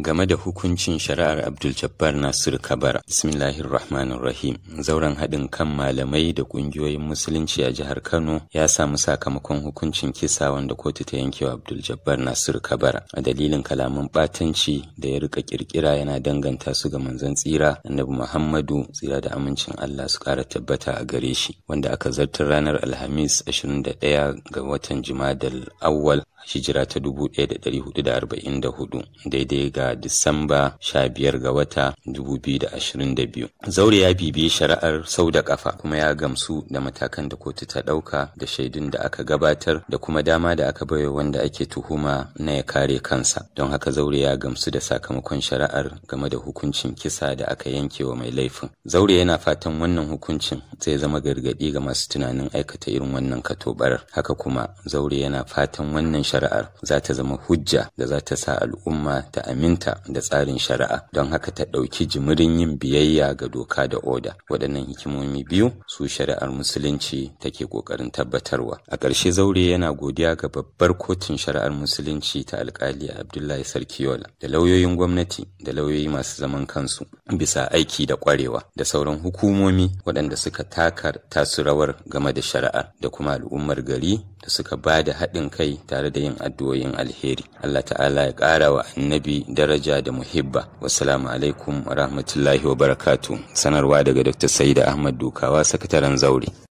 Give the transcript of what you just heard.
game da hukuncin shari'ar abdul jabbar nasir kabar bismillahir rahmanir rahim zauren haɗin kan malamai da ƙungiyoyin musulunci a jihar kano ya samu sakamakon hukuncin kisa wanda kotu ta yanke wa abdul jabbar nasir kabar a dalilin kalaman ɓatanci da ya rika ƙirƙira yana danganta su ga manzon tsira annabi muhammadu tsira da amincin allah su ƙara tabbata a gare shi wanda aka zartar ranar alhamis 21 ga watan da awwal hijira ta 1444 daidai ga Disamba 15 ga wata 2022. Zaure ya bibiye shari'ar sau da kafa kuma ya gamsu da matakan da kotu ta ɗauka da shaidun da aka gabatar da kuma dama da aka baiwa wanda ake tuhuma na ya kare kansa. Don haka Zaure ya gamsu da sakamakon shari'ar game da hukuncin kisa da aka yanke wa mai laifin. Zaure yana fatan wannan hukuncin zai zama gargadi ga masu tunanin aikata irin wannan katobar. Haka kuma Zaure yana fatan wannan shari'ar za ta zama hujja da za ta sa al'umma ta aminta da tsarin shari'a don haka ta ɗauki jimirin yin biyayya ga doka da oda waɗannan hikimomi biyu su shari'ar musulunci take ƙoƙarin tabbatarwa a ƙarshe zaure yana godiya ga babbar kotun shari'ar musulunci ta alƙali abdullahi sarkiyola da lauyoyin gwamnati da lauyoyi masu zaman kansu bisa aiki da ƙwarewa da sauran hukumomi waɗanda suka taka tasu rawar game da shari'ar da kuma al'ummar gari da suka ba da haɗin kai tare da yin addu'o'in alheri Allah ta'ala ya ƙara wa annabi daraja da muhibba wasalamu alaikum wa rahmatullahi wa barakatuh sanarwa daga Dr. Saida Ahmad Dukawa sakataren zaure